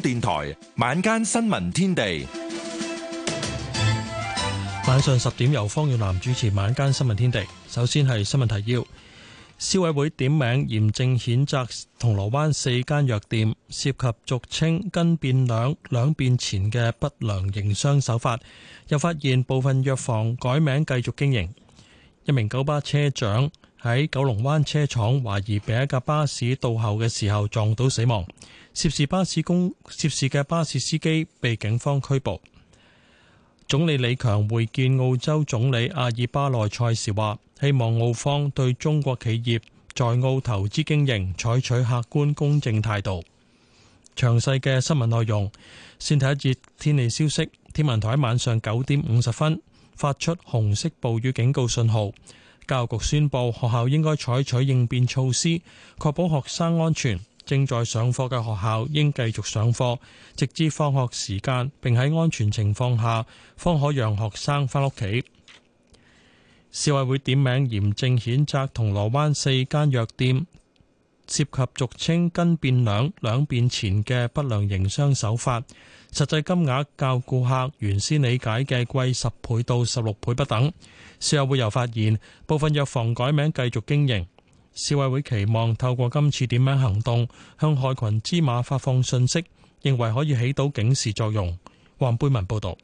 電台晚間新聞天地，晚上十點由方宇南主持。晚間新聞天地，首先係新聞提要。消委會點名嚴正譴責銅鑼灣四間藥店涉及俗稱斤變兩兩變錢嘅不良營商手法，又發現部分藥房改名繼續經營。一名九巴車長喺九龍灣車廠懷疑被一架巴士倒後嘅時候撞到死亡。涉事巴士公涉事嘅巴士司機被警方拘捕。總理李強會見澳洲總理阿爾巴內塞時話，希望澳方對中國企業在澳投資經營採取客觀公正態度。詳細嘅新聞內容，先睇一節天氣消息。天文台晚上九點五十分發出紅色暴雨警告信號，教育局宣布學校應該採取應變措施，確保學生安全。正在上課嘅學校應繼續上課，直至放學時間，並喺安全情況下方可讓學生返屋企。消委會點名嚴正譴責銅鑼灣四間藥店涉及俗稱斤變兩、兩變錢嘅不良營商手法，實際金額較顧客原先理解嘅貴十倍到十六倍不等。消委會又發現部分藥房改名繼續經營。市委會期望透過今次點名行動，向害群之馬發放信息，認為可以起到警示作用。黃貝文報道。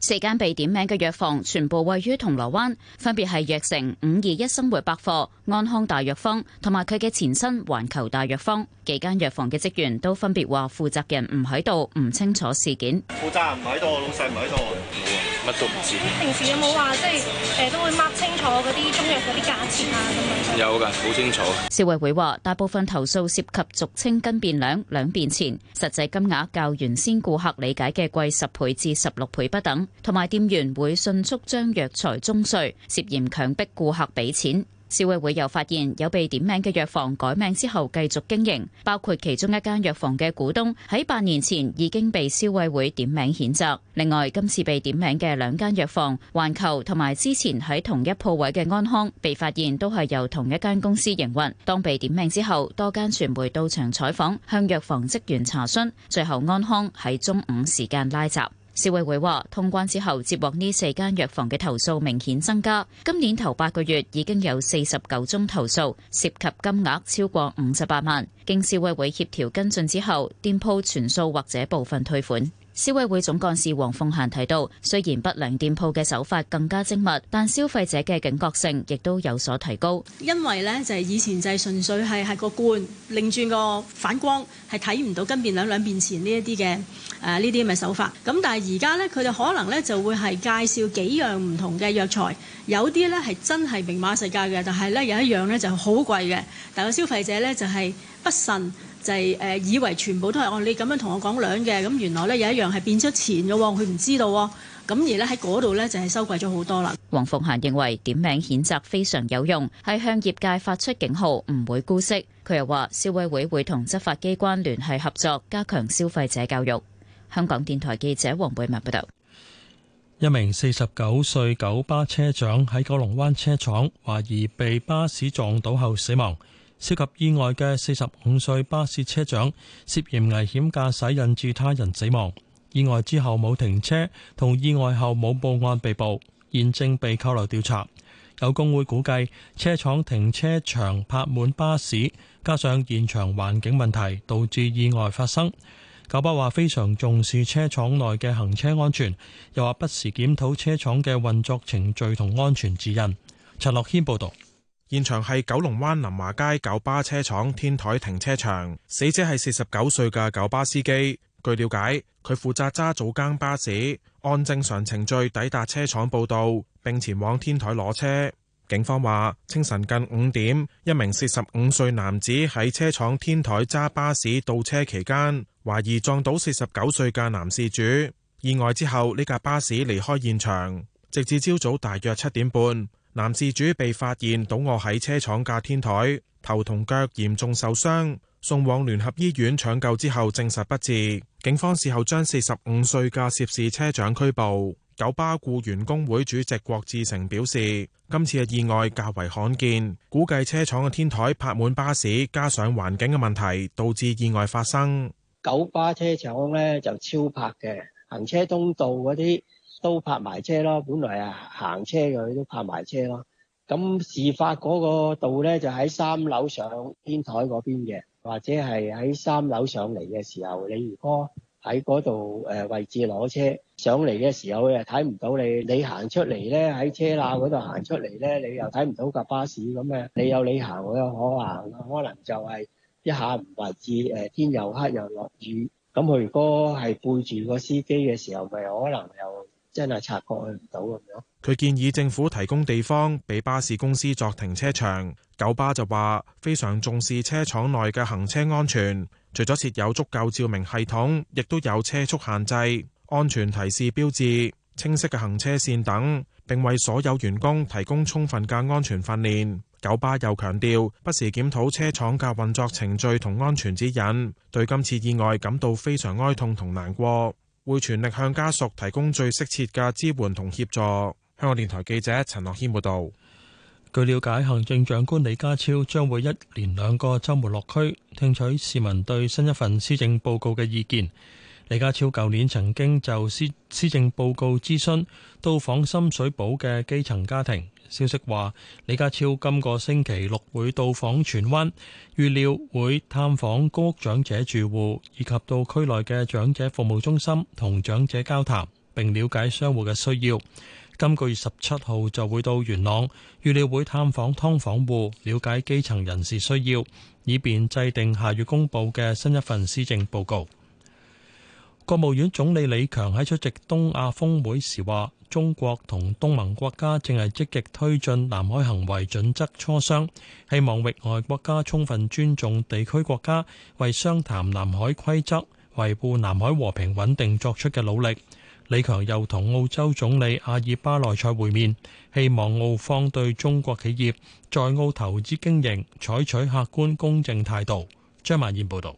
四間被點名嘅藥房，全部位於銅鑼灣，分別係藥城、五二一生活百貨、安康大藥房同埋佢嘅前身環球大藥房。幾間藥房嘅職員都分別話，負責人唔喺度，唔清楚事件。負責人唔喺度，老細唔喺度。乜都唔知，平時有冇話即係誒都會 mark 清楚嗰啲中藥嗰啲價錢啊？有㗎，好清楚。消委會話，大部分投訴涉及俗稱斤變兩兩變錢，實際金額較原先顧客理解嘅貴十倍至十六倍不等，同埋店員會迅速將藥材中碎，涉嫌強迫顧客俾錢。消委會又發現有被點名嘅藥房改名之後繼續經營，包括其中一間藥房嘅股東喺八年前已經被消委會點名譴責。另外，今次被點名嘅兩間藥房，環球同埋之前喺同一鋪位嘅安康，被發現都係由同一間公司營運。當被點名之後，多間傳媒到場採訪，向藥房職員查詢，最後安康喺中午時間拉閘。消委會話，通關之後接獲呢四間藥房嘅投訴明顯增加，今年頭八個月已經有四十九宗投訴，涉及金額超過五十八萬。經消委會協調跟進之後，店鋪全數或者部分退款。消委會總幹事黃鳳嫻提到，雖然不良店鋪嘅手法更加精密，但消費者嘅警覺性亦都有所提高。因為咧就係、是、以前就係純粹係係個罐，擰轉個反光係睇唔到斤變兩兩變錢呢一啲嘅誒呢啲咁嘅手法。咁但係而家咧佢哋可能咧就會係介紹幾樣唔同嘅藥材，有啲咧係真係明碼實價嘅，但係咧有一樣咧就好貴嘅，但係消費者呢，就係不信。就係誒以為全部都係、哦、我你咁樣同我講兩嘅，咁原來呢，有一樣係變咗錢嘅喎，佢唔知道喎，咁而呢，喺嗰度呢，就係收貴咗好多啦。黃鳳嫻認為點名譴責非常有用，係向業界發出警號，唔會姑息。佢又話消委會會同執法機關聯繫合作，加強消費者教育。香港電台記者黃貝文報道，一名四十九歲九巴車長喺九龍灣車廠懷疑被巴士撞倒後死亡。涉及意外嘅四十五歲巴士車長涉嫌危險駕駛引致他人死亡，意外之後冇停車，同意外後冇報案被捕，現正被扣留調查。有工會估計車廠停車場泊滿巴士，加上現場環境問題，導致意外發生。九巴話非常重視車廠內嘅行車安全，又話不時檢討車廠嘅運作程序同安全指引。陳樂謙報道。現場係九龍灣林華街九巴車廠天台停車場，死者係四十九歲嘅九巴司機。據了解，佢負責揸早更巴士，按正常程序抵達車廠報到，並前往天台攞車。警方話，清晨近五點，一名四十五歲男子喺車廠天台揸巴士倒車期間，懷疑撞到四十九歲嘅男事主，意外之後呢架巴士離開現場，直至朝早大約七點半。男事主被發現倒卧喺車廠架天台，頭同腳嚴重受傷，送往聯合醫院搶救之後證實不治。警方事後將四十五歲嘅涉事車長拘捕。九巴僱員工會主席郭志成表示，今次嘅意外較為罕見，估計車廠嘅天台泊滿巴士，加上環境嘅問題，導致意外發生。九巴車廠咧就超泊嘅，行車通道嗰啲。都泊埋車咯，本來啊行車佢都泊埋車咯。咁事發嗰個道咧就喺三樓上天台嗰邊嘅，或者係喺三樓上嚟嘅時候，你如果喺嗰度誒位置攞車上嚟嘅時候又睇唔到你，你行出嚟咧喺車罅嗰度行出嚟咧，你又睇唔到架巴士咁嘅，你有你行，我有我行，可能就係一下唔為意，誒天又黑又落雨，咁佢如果係背住個司機嘅時候，咪可能又～真係拆蓋唔到咁樣。佢建議政府提供地方俾巴士公司作停車場。九巴就話非常重視車廠內嘅行車安全，除咗設有足夠照明系統，亦都有車速限制、安全提示標誌、清晰嘅行車線等，並為所有員工提供充分嘅安全訓練。九巴又強調，不時檢討車廠嘅運作程序同安全指引，對今次意外感到非常哀痛同難過。會全力向家屬提供最適切嘅支援同協助。香港電台記者陳樂謙報道。據了解，行政長官李家超將會一連兩個周末落區，聽取市民對新一份施政報告嘅意見。李家超舊年曾經就施施政報告諮詢到訪深水埗嘅基層家庭。消息話，李家超今個星期六會到訪荃灣，預料會探訪高屋長者住戶，以及到區內嘅長者服務中心同長者交談，並了解商戶嘅需要。今個月十七號就會到元朗，預料會探訪劏房戶，了解基層人士需要，以便制定下月公佈嘅新一份施政報告。國務院總理李強喺出席東亞峰會時話。中國同東盟國家正係積極推進南海行為準則磋商，希望域外國家充分尊重地區國家為商談南海規則、維護南海和平穩定作出嘅努力。李強又同澳洲總理阿爾巴內塞會面，希望澳方對中國企業在澳投資經營採取客觀公正態度。張曼燕報道。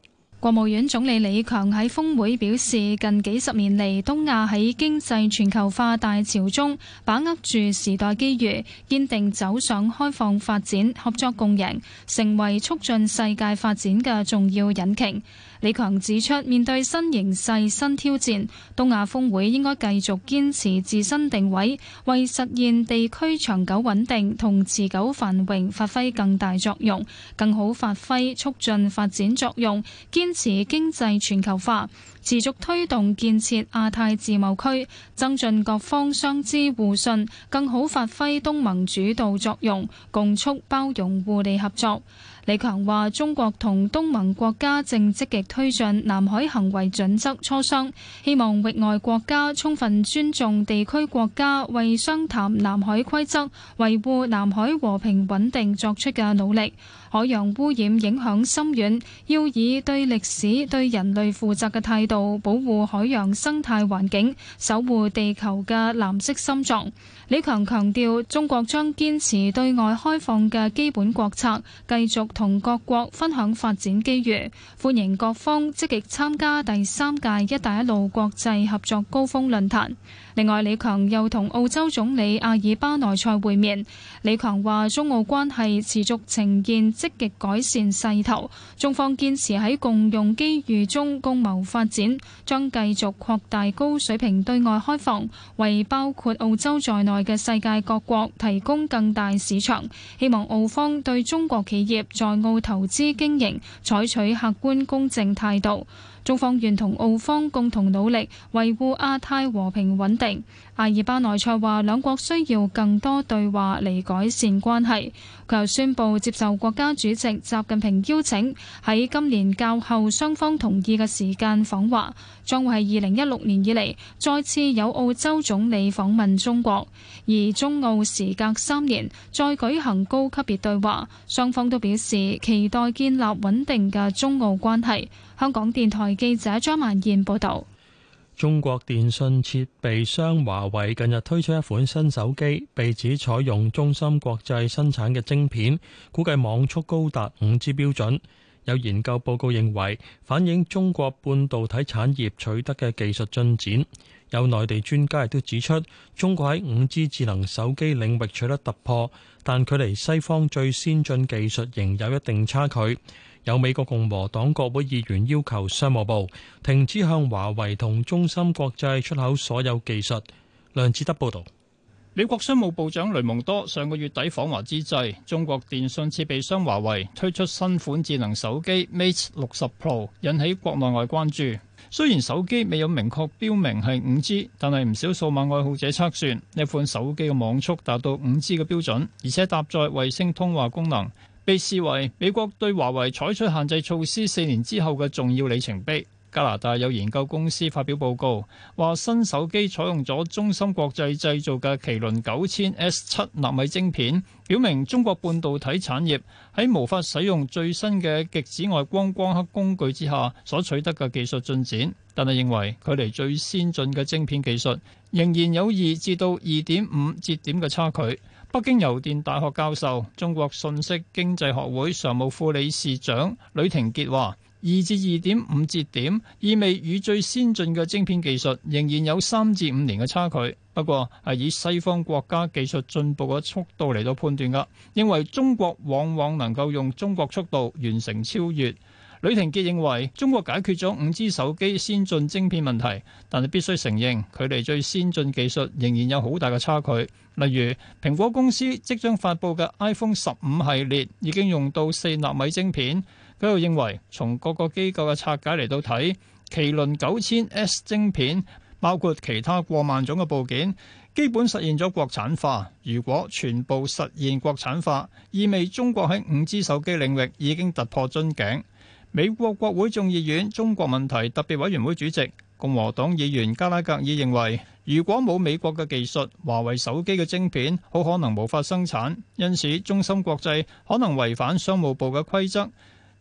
國務院總理李強喺峰會表示，近幾十年嚟，東亞喺經濟全球化大潮中，把握住時代機遇，堅定走上開放發展、合作共贏，成為促進世界發展嘅重要引擎。李強指出，面對新形勢、新挑戰，東亞峰會應該繼續堅持自身定位，為實現地區長久穩定同持久繁榮發揮更大作用，更好發揮促進發展作用，堅持經濟全球化。持續推動建設亞太自貿區，增進各方相知互信，更好發揮東盟主導作用，共促包容互利合作。李強話：中國同東盟國家正積極推進南海行為準則磋商，希望域外國家充分尊重地區國家為商談南海規則、維護南海和平穩定作出嘅努力。海洋污染影響深遠，要以對歷史、對人類負責嘅態度保護海洋生態環境，守護地球嘅藍色心臟。李強強調，中國將堅持對外開放嘅基本國策，繼續同各國分享發展機遇，歡迎各方積極參加第三屆「一帶一路」國際合作高峰論壇。另外，李強又同澳洲總理阿爾巴內塞會面。李強話：中澳關係持續呈現積極改善勢頭，中方堅持喺共用機遇中共謀發展，將繼續擴大高水平對外開放，為包括澳洲在內。外嘅世界各國提供更大市場，希望澳方對中國企業在澳投資經營採取客觀公正態度。中方願同澳方共同努力，維護亞太和平穩定。阿爾巴內塞話兩國需要更多對話嚟改善關係。佢又宣布接受國家主席習近平邀請，喺今年較後雙方同意嘅時間訪華，將會係二零一六年以來再次有澳洲總理訪問中國，而中澳時隔三年再舉行高級別對話，雙方都表示期待建立穩定嘅中澳關係。香港電台記者張曼燕報導。中國電信設備商華為近日推出一款新手機，被指採用中芯國際生產嘅晶片，估計網速高達五 G 標準。有研究報告認為，反映中國半導體產業取得嘅技術進展。有內地專家亦都指出，中國喺五 G 智能手機領域取得突破，但距離西方最先進技術仍有一定差距。有美國共和黨國會議員要求商務部停止向華為同中芯國際出口所有技術。梁志德報導，美國商務部長雷蒙多上個月底訪華之際，中國電信設備商華為推出新款智能手機 Mate 六十 Pro，引起國內外關注。雖然手機未有明確標明係五 G，但係唔少數碼愛好者測算，呢款手機嘅網速達到五 G 嘅標準，而且搭載衛星通話功能。被視為美國對華為採取限制措施四年之後嘅重要里程碑。加拿大有研究公司發表報告，話新手機採用咗中芯國際製造嘅麒麟九千 S 七納米晶片，表明中國半導體產業喺無法使用最新嘅極紫外光光刻工具之下所取得嘅技術進展。但係認為，距離最先進嘅晶片技術仍然有二至到二點五節點嘅差距。北京郵電大學教授、中國信息經濟學會常務副理事長呂廷杰話二至二點五節點意味與最先進嘅晶片技術仍然有三至五年嘅差距。不過係以西方國家技術進步嘅速度嚟到判斷噶，認為中國往往能夠用中國速度完成超越。呂庭杰認為中國解決咗五 G 手機先進晶片問題，但係必須承認距離最先進技術仍然有好大嘅差距。例如蘋果公司即將發佈嘅 iPhone 十五系列已經用到四納米晶片。佢又認為從各個機構嘅拆解嚟到睇，麒麟九千 S 晶片包括其他過萬種嘅部件，基本實現咗國產化。如果全部實現國產化，意味中國喺五 G 手機領域已經突破樽頸。美國國會眾議院中國問題特別委員會主席、共和黨議員加拉格爾認為，如果冇美國嘅技術，華為手機嘅晶片好可能無法生產，因此中芯國際可能違反商務部嘅規則。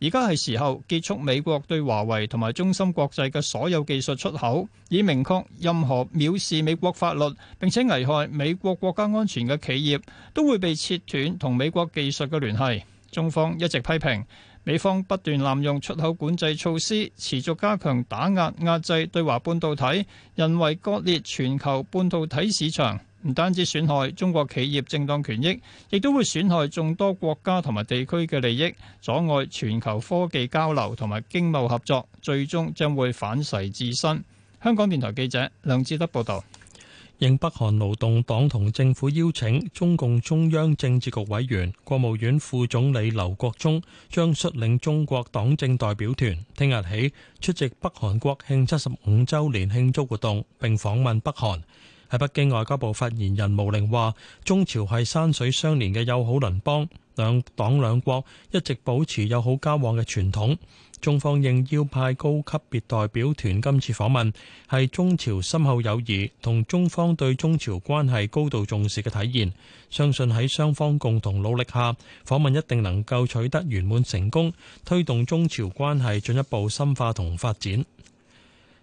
而家係時候結束美國對華為同埋中芯國際嘅所有技術出口，以明確任何藐視美國法律，並且危害美國國家安全嘅企業都會被切斷同美國技術嘅聯繫。中方一直批評。美方不斷濫用出口管制措施，持續加強打壓壓制對華半導體，人為割裂全球半導體市場，唔單止損害中國企業正當權益，亦都會損害眾多國家同埋地區嘅利益，阻礙全球科技交流同埋經貿合作，最終將會反噬自身。香港電台記者梁志德報道。應北韓勞動黨同政府邀請，中共中央政治局委員、國務院副總理劉國中將率領中國黨政代表團，聽日起出席北韓國慶七十五周年慶祝活動，並訪問北韓。喺北京，外交部發言人毛寧話：中朝係山水相連嘅友好鄰邦，兩黨兩國一直保持友好交往嘅傳統。中方應邀派高級別代表團今次訪問，係中朝深厚友誼同中方對中朝關係高度重視嘅體現。相信喺雙方共同努力下，訪問一定能夠取得圓滿成功，推動中朝關係進一步深化同發展。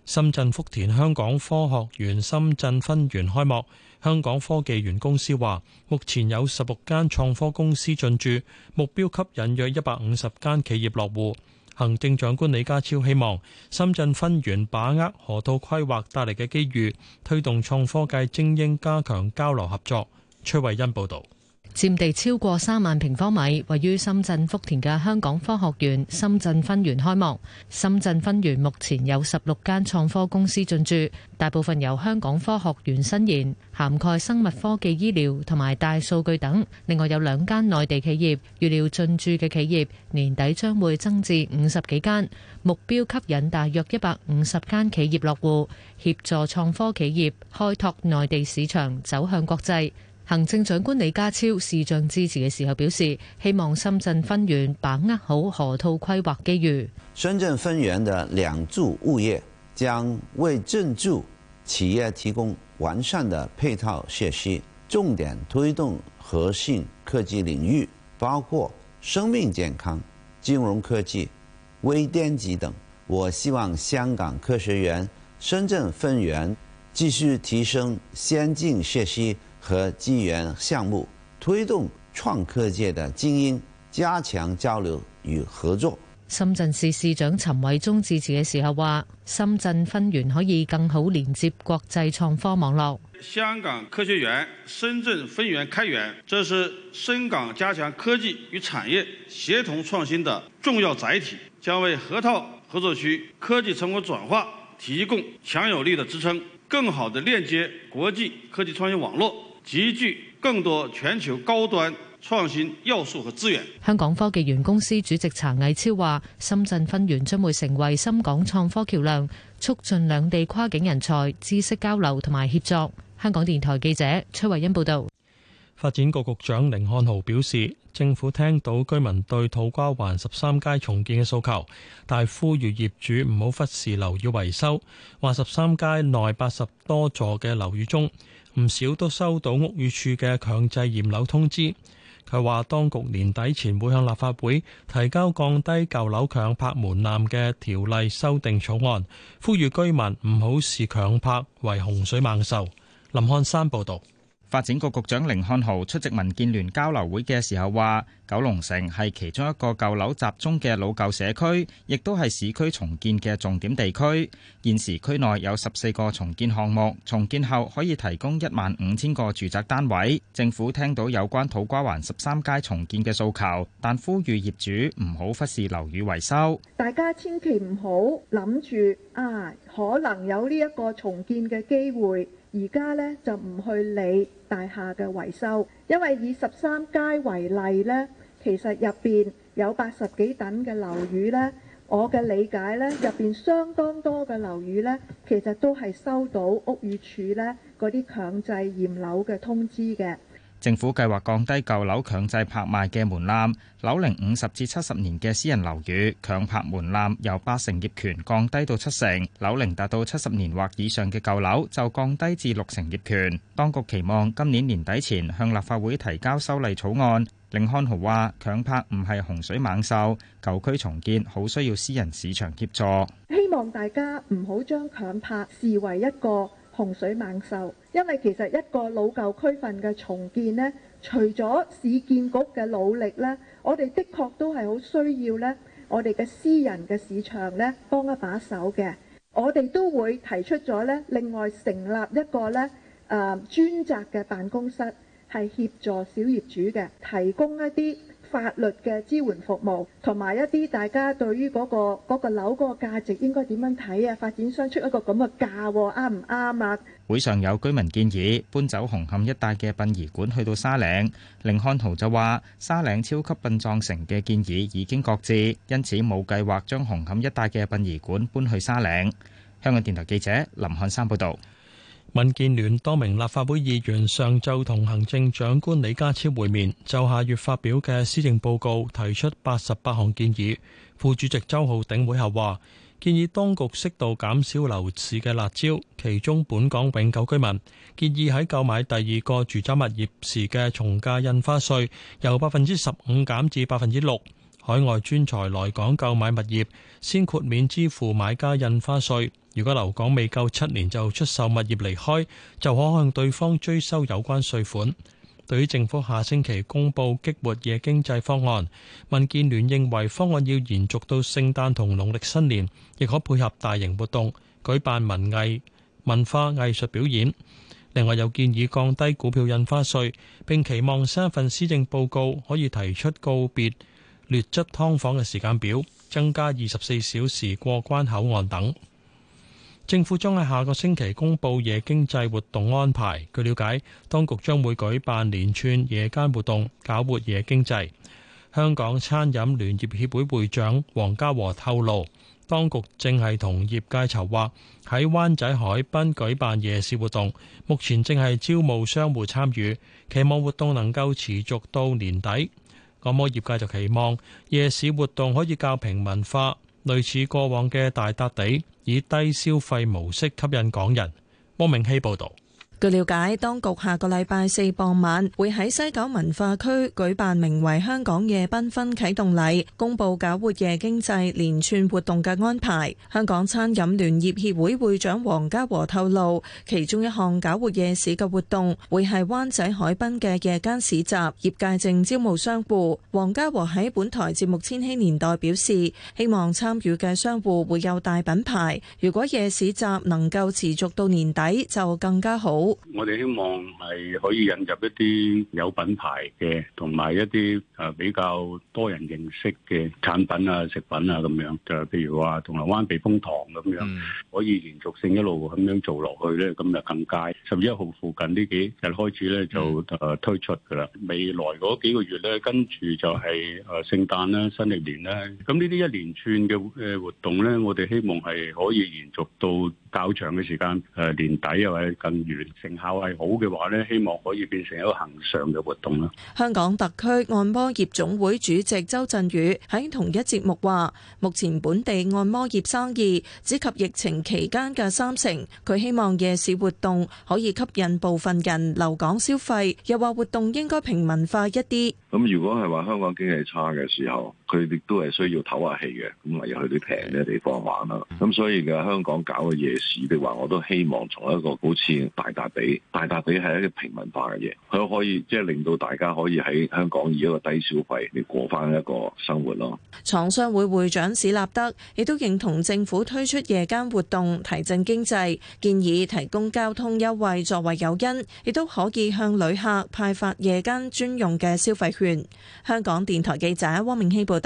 深圳福田香港科學園深圳分園開幕，香港科技園公司話，目前有十六間創科公司進駐，目標吸引約一百五十間企業落戶。行政長官李家超希望深圳分園把握河套規劃帶嚟嘅機遇，推動創科界精英加強交流合作。崔慧欣報道。佔地超過三萬平方米，位於深圳福田嘅香港科學園深圳分園開幕。深圳分園目前有十六間創科公司進駐，大部分由香港科學園新研，涵蓋生物科技、醫療同埋大數據等。另外有兩間內地企業預料進駐嘅企業，年底將會增至五十幾間。目標吸引大約一百五十間企業落戶，協助創科企業開拓內地市場，走向國際。行政長官李家超視像致辭嘅時候表示，希望深圳分園把握好河套規劃機遇。深圳分園的兩座物業將為進駐企業提供完善的配套設施，重點推動核心科技領域，包括生命健康、金融科技、微電子等。我希望香港科學園深圳分園繼續提升先進設施。和機緣項目推動創科界的精英加強交流與合作。深圳市市長陳偉忠致辭嘅時候話，深圳分園可以更好連接國際創科網絡。香港科學園深圳分園開園，這是深港加強科技與產業協同創新的重要載體，將為河套合作區科技成果轉化提供強有力的支撐，更好地鏈接國際科技創新網絡。集聚更多全球高端創新要素和資源。香港科技園公司主席查毅超話，深圳分園將會成為深港創科橋樑，促進兩地跨境人才、知識交流同埋協作。香港電台記者崔慧欣報道。發展局局長甯漢豪表示，政府聽到居民對土瓜灣十三街重建嘅訴求，但呼籲業主唔好忽視樓宇維修，話十三街內八十多座嘅樓宇中。唔少都收到屋宇署嘅強制驗樓通知。佢話當局年底前會向立法會提交降低舊樓強拍門檻嘅條例修訂草案，呼籲居民唔好視強拍為洪水猛獸。林漢山報道。發展局局長甯漢豪出席民建聯交流會嘅時候話，九龍城係其中一個舊樓集中嘅老舊社區，亦都係市區重建嘅重點地區。現時區內有十四個重建項目，重建後可以提供一萬五千個住宅單位。政府聽到有關土瓜灣十三街重建嘅訴求，但呼籲業主唔好忽視樓宇維修。大家千祈唔好諗住啊，可能有呢一個重建嘅機會。而家呢，就唔去理大廈嘅維修，因為以十三街為例呢，其實入邊有八十幾棟嘅樓宇呢，我嘅理解呢，入邊相當多嘅樓宇呢，其實都係收到屋宇署呢嗰啲強制驗樓嘅通知嘅。政府計劃降低舊樓強制拍賣嘅門檻，樓齡五十至七十年嘅私人樓宇強拍門檻由八成業權降低到七成，樓齡達到七十年或以上嘅舊樓就降低至六成業權。當局期望今年年底前向立法會提交修例草案。寧漢豪話：強拍唔係洪水猛獸，舊區重建好需要私人市場協助，希望大家唔好將強拍視為一個洪水猛獸。因為其實一個老舊區份嘅重建呢，除咗市建局嘅努力呢，我哋的確都係好需要呢，我哋嘅私人嘅市場呢，幫一把手嘅。我哋都會提出咗呢，另外成立一個呢，誒專責嘅辦公室，係協助小業主嘅，提供一啲法律嘅支援服務同埋一啲大家對於嗰個嗰個樓嗰個價值應該點樣睇啊？發展商出一個咁嘅價，啱唔啱啊？會上有居民建議搬走紅磡一帶嘅殯儀館去到沙嶺。甯漢豪就話沙嶺超級殯葬城嘅建議已經擱置，因此冇計劃將紅磡一帶嘅殯儀館搬去沙嶺，香港電台記者林漢山報道。民建聯多名立法會議員上晝同行政長官李家超會面，就下月發表嘅施政報告提出八十八項建議。副主席周浩鼎會後話，建議當局適度減少樓市嘅辣招，其中本港永久居民建議喺購買第二個住宅物業時嘅從價印花稅由百分之十五減至百分之六，海外專才來港購買物業先豁免支付買家印花稅。如果留港未夠七年就出售物業離開，就可向對方追收有關稅款。對於政府下星期公布激活夜經濟方案，民建聯認為方案要延續到聖誕同農曆新年，亦可配合大型活動舉辦文藝文化藝術表演。另外，又建議降低股票印花稅。並期望新一份施政報告可以提出告別劣質劏房嘅時間表，增加二十四小時過關口岸等。政府將喺下個星期公布夜經濟活動安排。據了解，當局將會舉辦連串夜間活動，搞活夜經濟。香港餐飲聯業協會會長黃家和透露，當局正係同業界籌劃喺灣仔海濱舉辦夜市活動，目前正係招募商戶參與，期望活動能夠持續到年底。噉業界就期望夜市活動可以較平民化。類似過往嘅大笪地，以低消費模式吸引港人。汪明希報導。據了解，當局下個禮拜四傍晚會喺西九文化區舉辦名為《香港夜繽紛》啟動禮，公佈搞活夜經濟連串活動嘅安排。香港餐飲聯業協會會長黃家和透露，其中一項搞活夜市嘅活動會係灣仔海濱嘅夜間市集，業界正招募商戶。黃家和喺本台節目《千禧年代》表示，希望參與嘅商戶會有大品牌，如果夜市集能夠持續到年底就更加好。我哋希望係可以引入一啲有品牌嘅，同埋一啲誒比較多人認識嘅產品啊、食品啊咁樣，就譬如話銅鑼灣避風塘咁樣，可以延續性一路咁樣做落去咧，咁就更佳。十一號附近呢幾日開始咧就誒推出噶啦，未來嗰幾個月咧跟住就係誒聖誕啦、新曆年啦，咁呢啲一連串嘅誒活動咧，我哋希望係可以延續到。較長嘅時間，誒年底又或者更遠，成效係好嘅話咧，希望可以變成一個恆常嘅活動啦。香港特區按摩業總會主席周振宇喺同一節目話，目前本地按摩業生意只及疫情期間嘅三成。佢希望夜市活動可以吸引部分人留港消費，又話活動應該平民化一啲。咁如果係話香港經濟差嘅時候，佢哋都係需要唞下氣嘅，咁嚟，去啲平嘅地方玩啦。咁所以嘅香港搞嘅夜市的話，我都希望從一個好似大笪地、大笪地係一個平民化嘅嘢，佢可以即係令到大家可以喺香港以一個低消費嚟過翻一個生活咯。廠商會會長史立德亦都認同政府推出夜間活動提振經濟，建議提供交通優惠作為誘因，亦都可以向旅客派發夜間專用嘅消費券。香港電台記者汪明希報道。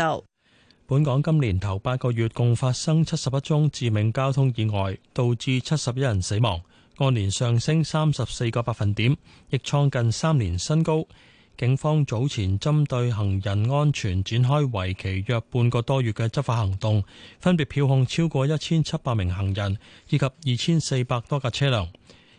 本港今年頭八個月共發生七十一宗致命交通意外，導致七十一人死亡，按年上升三十四個百分點，亦創近三年新高。警方早前針對行人安全展開為期約半個多月嘅執法行動，分別票控超過一千七百名行人以及二千四百多架車輛。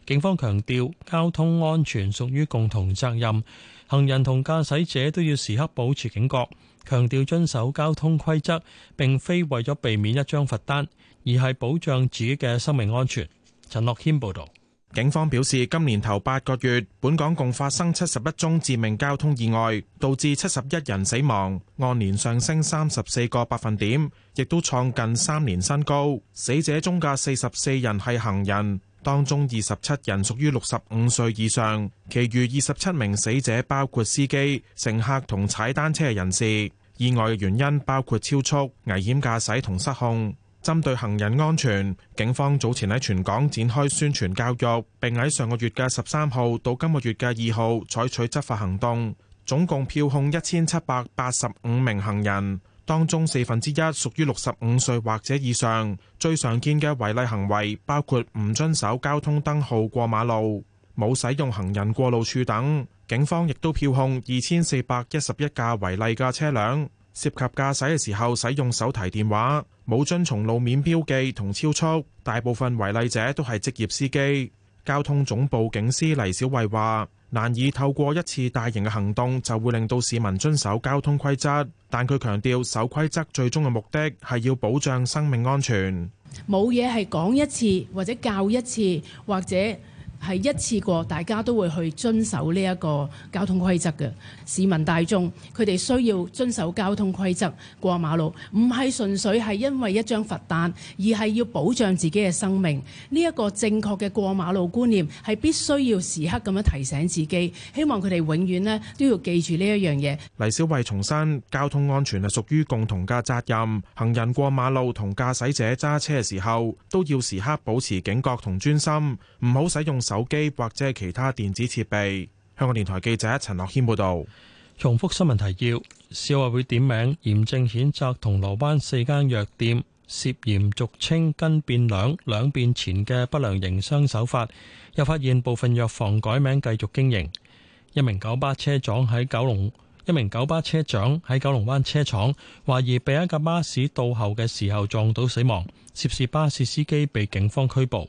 警方強調，交通安全屬於共同責任，行人同駕駛者都要時刻保持警覺。強調遵守交通規則，並非為咗避免一張罰單，而係保障自己嘅生命安全。陳樂謙報道，警方表示，今年頭八個月，本港共發生七十一宗致命交通意外，導致七十一人死亡，按年上升三十四個百分點，亦都創近三年新高。死者中嘅四十四人係行人。當中二十七人屬於六十五歲以上，其餘二十七名死者包括司機、乘客同踩單車嘅人士。意外嘅原因包括超速、危險駕駛同失控。針對行人安全，警方早前喺全港展開宣傳教育，並喺上個月嘅十三號到今個月嘅二號採取執法行動，總共票控一千七百八十五名行人。當中四分之一屬於六十五歲或者以上，最常見嘅違例行為包括唔遵守交通燈號過馬路、冇使用行人過路處等。警方亦都票控二千四百一十一架違例嘅車輛，涉及駕駛嘅時候使用手提電話、冇遵從路面標記同超速。大部分違例者都係職業司機。交通總部警司黎小慧話，難以透過一次大型嘅行動就會令到市民遵守交通規則，但佢強調守規則最終嘅目的係要保障生命安全。冇嘢係講一次，或者教一次，或者。係一次過，大家都會去遵守呢一個交通規則嘅市民大眾，佢哋需要遵守交通規則過馬路，唔係純粹係因為一張罰單，而係要保障自己嘅生命。呢一個正確嘅過馬路觀念係必須要時刻咁樣提醒自己，希望佢哋永遠咧都要記住呢一樣嘢。黎小慧重申，交通安全係屬於共同嘅責任，行人過馬路同駕駛者揸車嘅時候都要時刻保持警覺同專心，唔好使用。手機或者其他電子設備。香港電台記者陳樂謙報道。重複新聞提要：消委會點名嚴正譴責銅鑼灣四間藥店涉嫌俗稱“跟變兩，兩變前”嘅不良營商手法，又發現部分藥房改名繼續經營。一名九巴車長喺九龍，一名九巴車長喺九龍灣車廠，懷疑被一架巴士倒後嘅時候撞到死亡，涉事巴士司機被警方拘捕。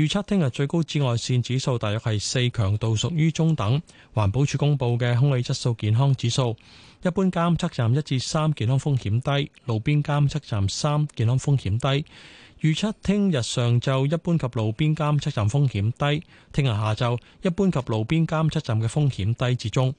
預測聽日最高紫外線指數大約係四，強度屬於中等。環保署公布嘅空氣質素健康指數，一般監測站一至三健康風險低，路邊監測站三健康風險低。預測聽日上晝一般及路邊監測站風險低，聽日下晝一般及路邊監測站嘅風險低至中。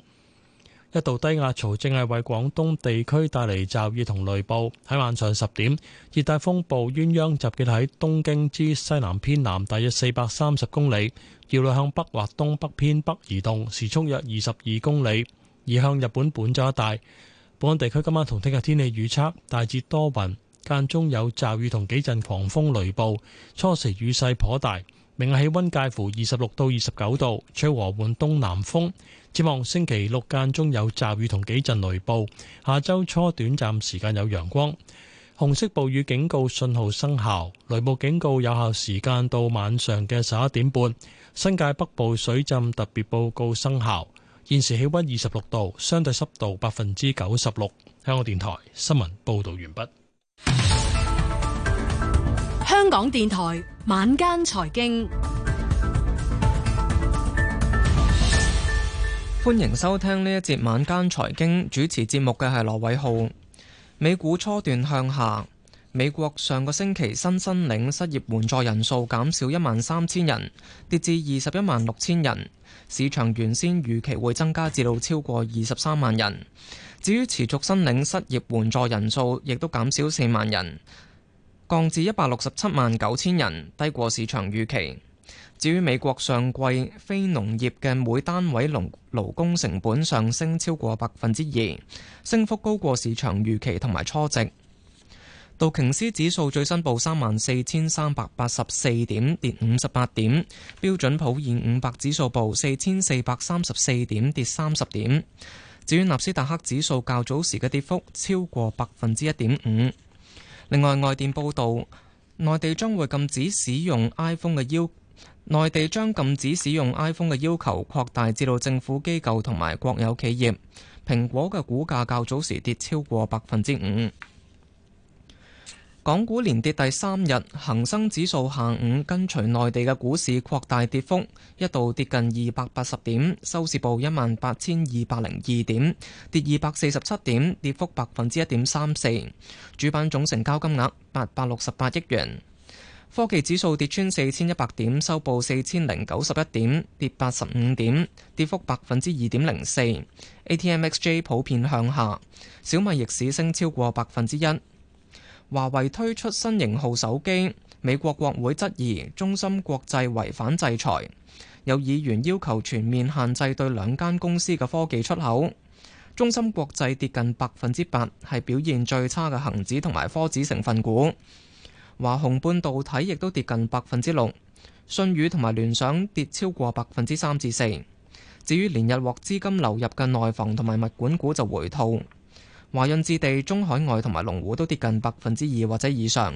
一道低壓槽正係為廣東地區帶嚟驟雨同雷暴。喺晚上十點，熱帶風暴鴛鴦集結喺東京之西南偏南大約四百三十公里，要向北或東北偏北移動，時速約二十二公里，移向日本本州一帶。本地區今晚同聽日天氣預測，大致多雲間中有驟雨同幾陣狂風雷暴，初時雨勢頗大，明日氣溫介乎二十六到二十九度，吹和緩東南風。展望星期六間中有驟雨同幾陣雷暴，下周初短暫時間有陽光。紅色暴雨警告信號生效，雷暴警告有效時間到晚上嘅十一點半。新界北部水浸特別報告生效。現時氣温二十六度，相對濕度百分之九十六。香港電台新聞報道完畢。香港電台晚間財經。歡迎收聽呢一節晚間財經，主持節目嘅係羅偉浩。美股初段向下，美國上個星期新申領失業援助人數減少一萬三千人，跌至二十一萬六千人，市場原先預期會增加至到超過二十三萬人。至於持續申領失業援助人數亦都減少四萬人，降至一百六十七萬九千人，低過市場預期。至於美國上季非農業嘅每單位勞工成本上升超過百分之二，升幅高過市場預期同埋初值。道瓊斯指數最新報三萬四千三百八十四點，跌五十八點。標準普爾五百指數報四千四百三十四點，跌三十點。至於納斯達克指數較早時嘅跌幅超過百分之一點五。另外，外電報道，內地將會禁止使用 iPhone 嘅要。內地將禁止使用 iPhone 嘅要求擴大至到政府機構同埋國有企業。蘋果嘅股價較早時跌超過百分之五，港股連跌第三日，恒生指數下午跟隨內地嘅股市擴大跌幅，一度跌近二百八十點，收市報一萬八千二百零二點，跌二百四十七點，跌幅百分之一點三四。主板總成交金額八百六十八億元。科技指數跌穿四千一百點，收報四千零九十一點，跌八十五點，跌幅百分之二點零四。ATMXJ 普遍向下，小米逆市升超過百分之一。華為推出新型號手機，美國國會質疑中芯國際違反制裁，有議員要求全面限制對兩間公司嘅科技出口。中芯國際跌近百分之八，係表現最差嘅恒指同埋科指成分股。華虹半導體亦都跌近百分之六，信宇同埋聯想跌超過百分之三至四。至於連日獲資金流入嘅內房同埋物管股就回吐，華潤置地、中海外同埋龍湖都跌近百分之二或者以上。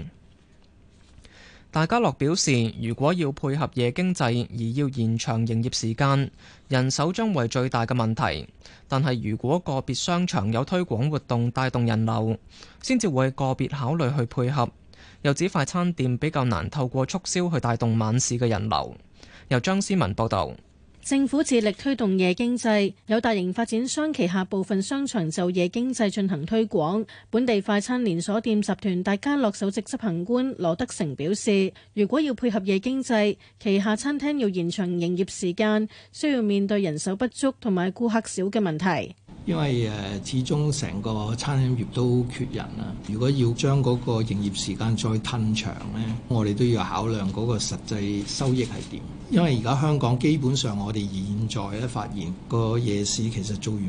大家樂表示，如果要配合夜經濟而要延長營業時間，人手將為最大嘅問題。但係如果個別商場有推廣活動帶動人流，先至會個別考慮去配合。又指快餐店比較難透過促銷去帶動晚市嘅人流。由張思文報道，政府致力推動夜經濟，有大型發展商旗下部分商場就夜經濟進行推廣，本地快餐連鎖店集團大家樂首席執行官羅德成表示，如果要配合夜經濟，旗下餐廳要延長營業時間，需要面對人手不足同埋顧客少嘅問題。因為誒，始終成個餐飲業都缺人啦、啊。如果要將嗰個營業時間再吞長呢，我哋都要考量嗰個實際收益係點。因為而家香港基本上，我哋現在咧發現個夜市其實做完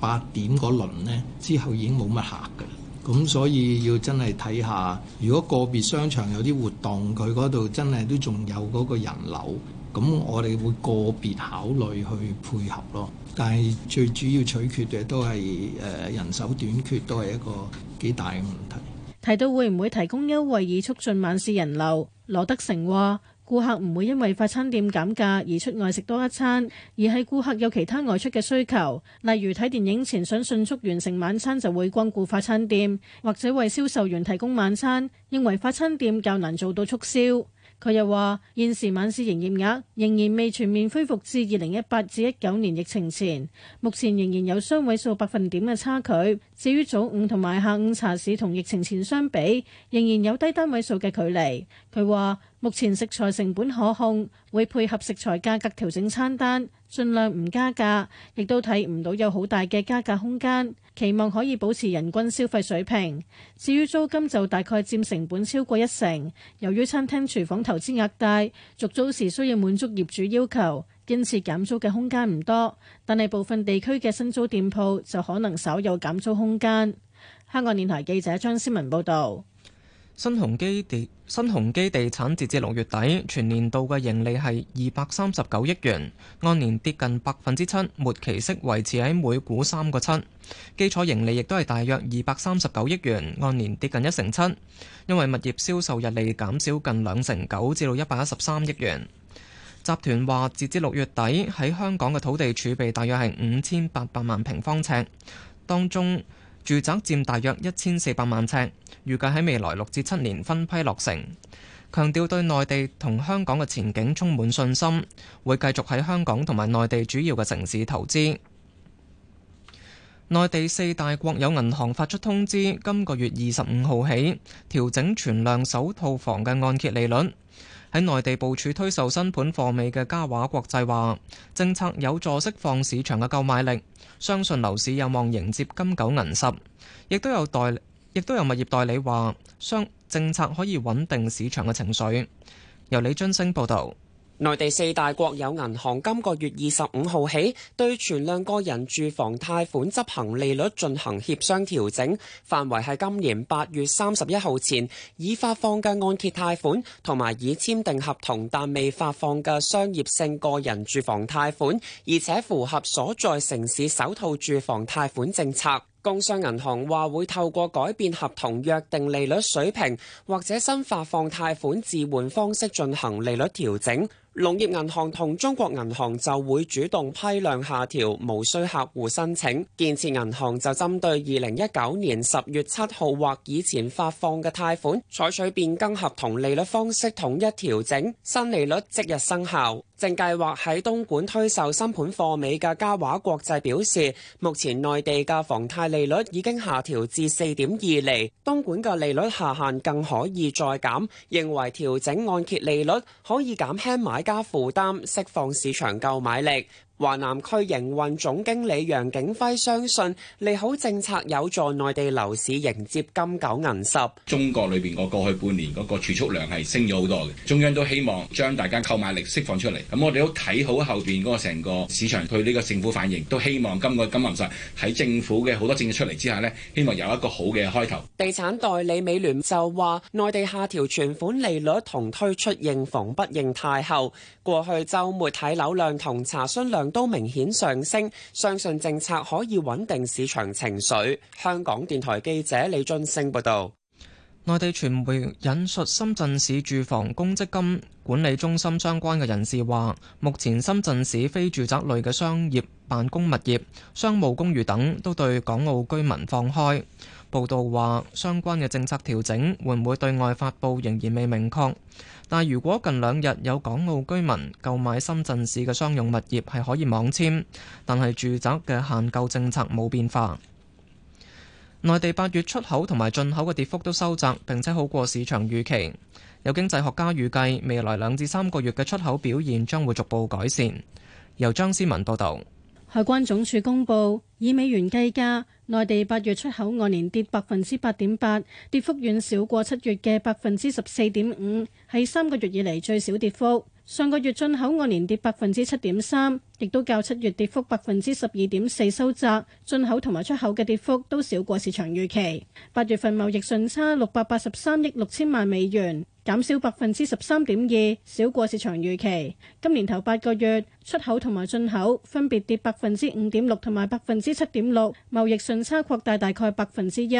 八點嗰輪呢，之後已經冇乜客㗎。咁所以要真係睇下，如果個別商場有啲活動，佢嗰度真係都仲有嗰個人流。咁我哋會個別考慮去配合咯，但係最主要取決嘅都係誒、呃、人手短缺，都係一個幾大嘅問題。提到會唔會提供優惠以促進晚市人流，羅德成話：顧客唔會因為快餐店減價而出外食多一餐，而係顧客有其他外出嘅需求，例如睇電影前想迅速完成晚餐，就會光顧快餐店，或者為銷售員提供晚餐。認為快餐店較難做到促銷。佢又話：現時晚市營業額仍然未全面恢復至二零一八至一九年疫情前，目前仍然有雙位數百分點嘅差距。至於早午同埋下午茶市同疫情前相比，仍然有低單位數嘅距離。佢話：目前食材成本可控，會配合食材價格調整餐單，盡量唔加價，亦都睇唔到有好大嘅加價空間。期望可以保持人均消費水平。至於租金就大概佔成本超過一成。由於餐廳廚房投資額大，續租時需要滿足業主要求，因此減租嘅空間唔多。但係部分地區嘅新租店鋪就可能稍有減租空間。香港電台記者張思文報道。新鴻基地，新鴻基地產截至六月底全年度嘅盈利係二百三十九億元，按年跌近百分之七，末期息維持喺每股三個七。基礎盈利亦都係大約二百三十九億元，按年跌近一成七，因為物業銷售溢利減少近兩成九，至到一百一十三億元。集團話，截至六月底喺香港嘅土地儲備大約係五千八百萬平方尺，當中，住宅佔大約一千四百萬呎，預計喺未來六至七年分批落成。強調對內地同香港嘅前景充滿信心，會繼續喺香港同埋內地主要嘅城市投資。內地四大國有銀行發出通知，今個月二十五號起調整存量首套房嘅按揭利率。喺內地部署推售新盤貨尾嘅嘉華國際話，政策有助釋放市場嘅購買力，相信樓市有望迎接金九銀十。亦都有代，亦都有物業代理話，相政策可以穩定市場嘅情緒。由李津升報導。內地四大國有銀行今個月二十五號起，對存量個人住房貸款執行利率進行協商調整，範圍係今年八月三十一號前已發放嘅按揭貸款，同埋已簽訂合同但未發放嘅商業性個人住房貸款，而且符合所在城市首套住房貸款政策。工商銀行話會透過改變合同約定利率水平或者新發放貸款置換方式進行利率調整，農業銀行同中國銀行就會主動批量下調，無需客戶申請。建設銀行就針對二零一九年十月七號或以前發放嘅貸款，採取變更合同利率方式統一調整，新利率即日生效。正計劃喺東莞推售新盤貨尾嘅嘉華國際表示，目前內地嘅房貸利率已經下調至四點二厘，東莞嘅利率下限更可以再減，認為調整按揭利率可以減輕買家負擔，釋放市場購買力。華南區營運總經理楊景輝相信利好政策有助內地樓市迎接金九銀十。中國裏邊個過去半年嗰個儲蓄量係升咗好多嘅，中央都希望將大家購買力釋放出嚟。咁我哋都睇好後邊嗰個成個市場，對呢個政府反應都希望今個金銀十喺政府嘅好多政策出嚟之下咧，希望有一個好嘅開頭。地產代理美聯就話內地下調存款利率同推出認房不認貸後，過去周末睇樓量同查詢量，都明顯上升，相信政策可以穩定市場情緒。香港電台記者李俊昇報道，內地傳媒引述深圳市住房公積金管理中心相關嘅人士話：目前深圳市非住宅類嘅商業、辦公物業、商務公寓等都對港澳居民放開。報導話，相關嘅政策調整會唔會對外發布仍然未明確。但如果近兩日有港澳居民購買深圳市嘅商用物業，係可以網簽，但係住宅嘅限購政策冇變化。內地八月出口同埋進口嘅跌幅都收窄，並且好過市場預期。有經濟學家預計未來兩至三個月嘅出口表現將會逐步改善。由張思文報道。海關總署公布，以美元計價，內地八月出口按年跌百分之八點八，跌幅遠少過七月嘅百分之十四點五，係三個月以嚟最少跌幅。上個月進口按年跌百分之七點三，亦都較七月跌幅百分之十二點四收窄。進口同埋出口嘅跌幅都少過市場預期。八月份貿易順差六百八十三億六千萬美元。減少百分之十三點二，少過市場預期。今年頭八個月出口同埋進口分別跌百分之五點六同埋百分之七點六，貿易順差擴大大概百分之一。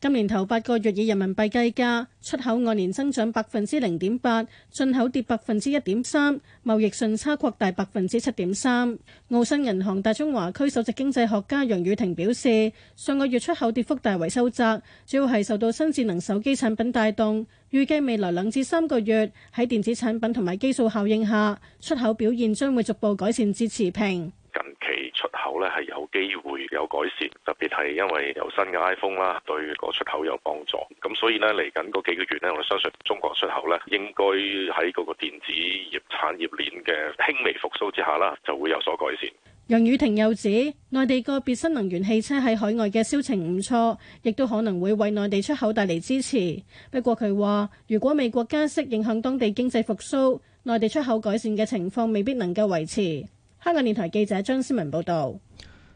今年頭八個月以人民幣計價，出口按年增長百分之零點八，進口跌百分之一點三，貿易順差擴大百分之七點三。澳新銀行大中華區首席經濟學家楊宇霆表示，上個月出口跌幅大為收窄，主要係受到新智能手機產品帶動。預計未來兩至三個月喺電子產品同埋基數效應下，出口表現將會逐步改善至持平。近期出口咧係有機會有改善，特別係因為有新嘅 iPhone 啦，對個出口有幫助。咁所以呢，嚟緊嗰幾個月呢，我相信中國出口咧應該喺嗰個電子業產業鏈嘅輕微復甦之下啦，就會有所改善。楊雨婷又指，內地個別新能源汽車喺海外嘅銷情唔錯，亦都可能會為內地出口帶嚟支持。不過佢話，如果美國加息影響當地經濟復甦，內地出口改善嘅情況未必能夠維持。香港電台記者張思文報道，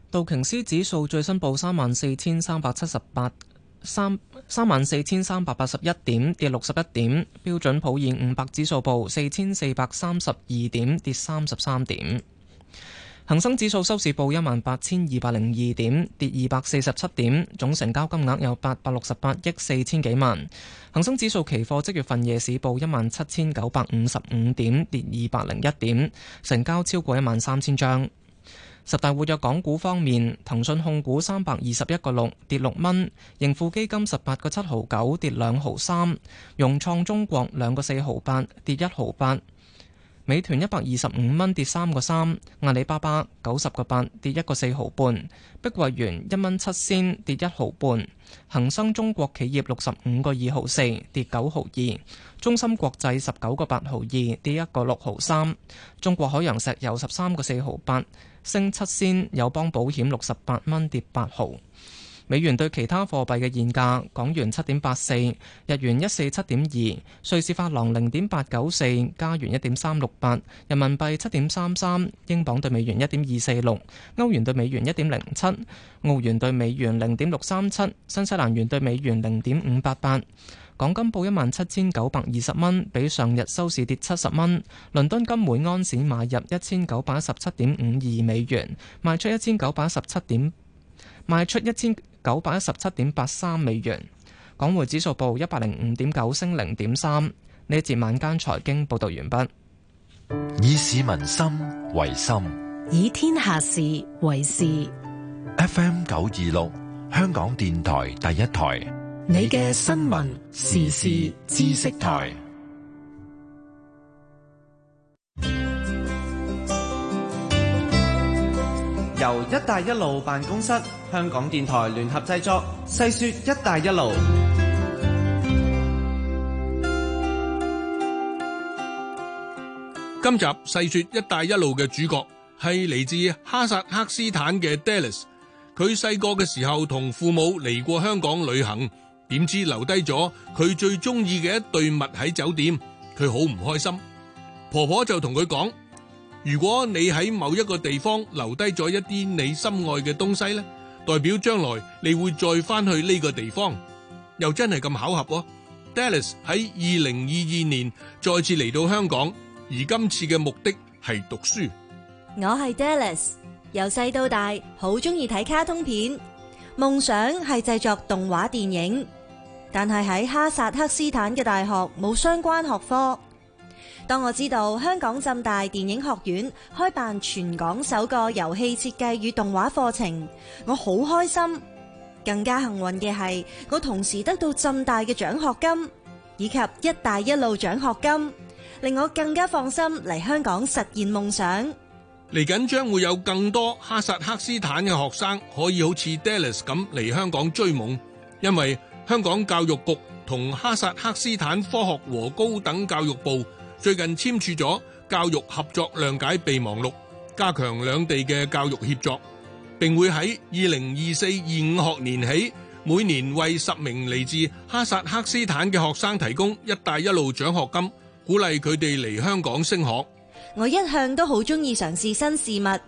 道瓊斯指數最新報三萬四千三百七十八三三萬四千三百八十一點，跌六十一點。標準普爾五百指數報四千四百三十二點，跌三十三點。恒生指數收市報一萬八千二百零二點，跌二百四十七點，總成交金額有八百六十八億四千幾萬。恒生指數期貨即月份夜市報一萬七千九百五十五點，跌二百零一點，成交超過一萬三千張。十大活躍港股方面，騰訊控股三百二十一個六，跌六蚊；盈富基金十八個七毫九，跌兩毫三；融創中國兩個四毫八，跌一毫八。美團一百二十五蚊，跌三個三，阿里巴巴九十個八，跌一個四毫半，碧桂園一蚊七仙，跌一毫半，恒生中國企業六十五個二毫四，跌九毫二，中芯國際十九個八毫二，跌一個六毫三，中國海洋石油十三個四毫八，升七仙，友邦保險六十八蚊，跌八毫。美元對其他貨幣嘅現價：港元七點八四，日元一四七點二，瑞士法郎零點八九四，加元一點三六八，人民幣七點三三，英鎊對美元一點二四六，歐元對美元一點零七，澳元對美元零點六三七，新西蘭元對美元零點五八八。港金報一萬七千九百二十蚊，比上日收市跌七十蚊。倫敦金每盎司買入一千九百一十七點五二美元，賣出一千九百一十七點賣出一千九百一十七點八三美元，港匯指數報一百零五點九升零點三。呢一節晚間財經報道完畢。以市民心為心，以天下事為事。FM 九二六，香港電台第一台，你嘅新聞時事知識台。由“一帶一路”辦公室、香港電台聯合製作，細說“一帶一路”。今集細說“一帶一路”的主角係嚟自哈薩克斯坦嘅 Dallas。佢細個嘅時候同父母嚟過香港旅行，點知留低咗佢最中意嘅一對襪喺酒店，佢好唔開心。婆婆就同佢講。如果你喺某一個地方留低咗一啲你心愛嘅東西咧，代表將來你會再返去呢個地方，又真係咁巧合喎。Dallas 喺二零二二年再次嚟到香港，而今次嘅目的係讀書。我係 Dallas，由細到大好鍾意睇卡通片，夢想係製作動畫電影，但係喺哈薩克斯坦嘅大學冇相關學科。當我知道香港浸大電影學院開辦全港首個遊戲設計與動畫課程，我好開心。更加幸運嘅係，我同時得到浸大嘅獎學金以及“一帶一路”獎學金，令我更加放心嚟香港實現夢想。嚟緊將會有更多哈薩克斯坦嘅學生可以好似 Dallas 咁嚟香港追夢，因為香港教育局同哈薩克斯坦科學和高等教育部。最近簽署咗教育合作諒解備忘錄，加強兩地嘅教育協作。並會喺二零二四二五學年起，每年為十名嚟自哈薩克斯坦嘅學生提供「一帶一路」獎學金，鼓勵佢哋嚟香港升學。我一向都好鍾意嘗試新事物，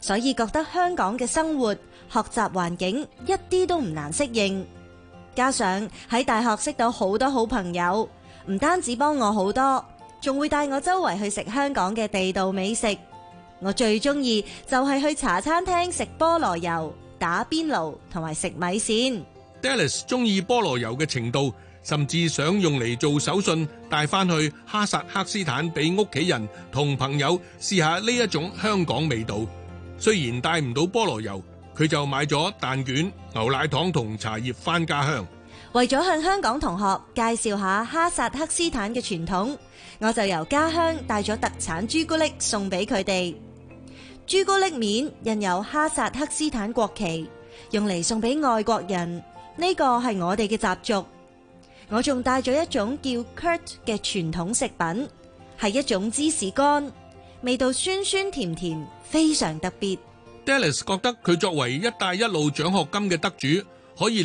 所以覺得香港嘅生活學習環境一啲都唔難適應。加上喺大學識到好多好朋友，唔單止幫我好多。仲會帶我周圍去食香港嘅地道美食，我最中意就係去茶餐廳食菠蘿油、打邊爐同埋食米線。Dallas 中意菠蘿油嘅程度，甚至想用嚟做手信帶翻去哈薩克斯坦俾屋企人同朋友試下呢一種香港味道。雖然帶唔到菠蘿油，佢就買咗蛋卷、牛奶糖同茶葉翻家鄉，為咗向香港同學介紹下哈薩克斯坦嘅傳統。我就由家鄉帶咗特產朱古力送俾佢哋，朱古力面印有哈薩克斯坦國旗，用嚟送俾外國人。呢個係我哋嘅習俗。我仲帶咗一種叫 Kurt 嘅傳統食品，係一種芝士乾，味道酸酸甜甜，非常特別。Dallas 覺得佢作為一帶一路獎學金嘅得主，可以。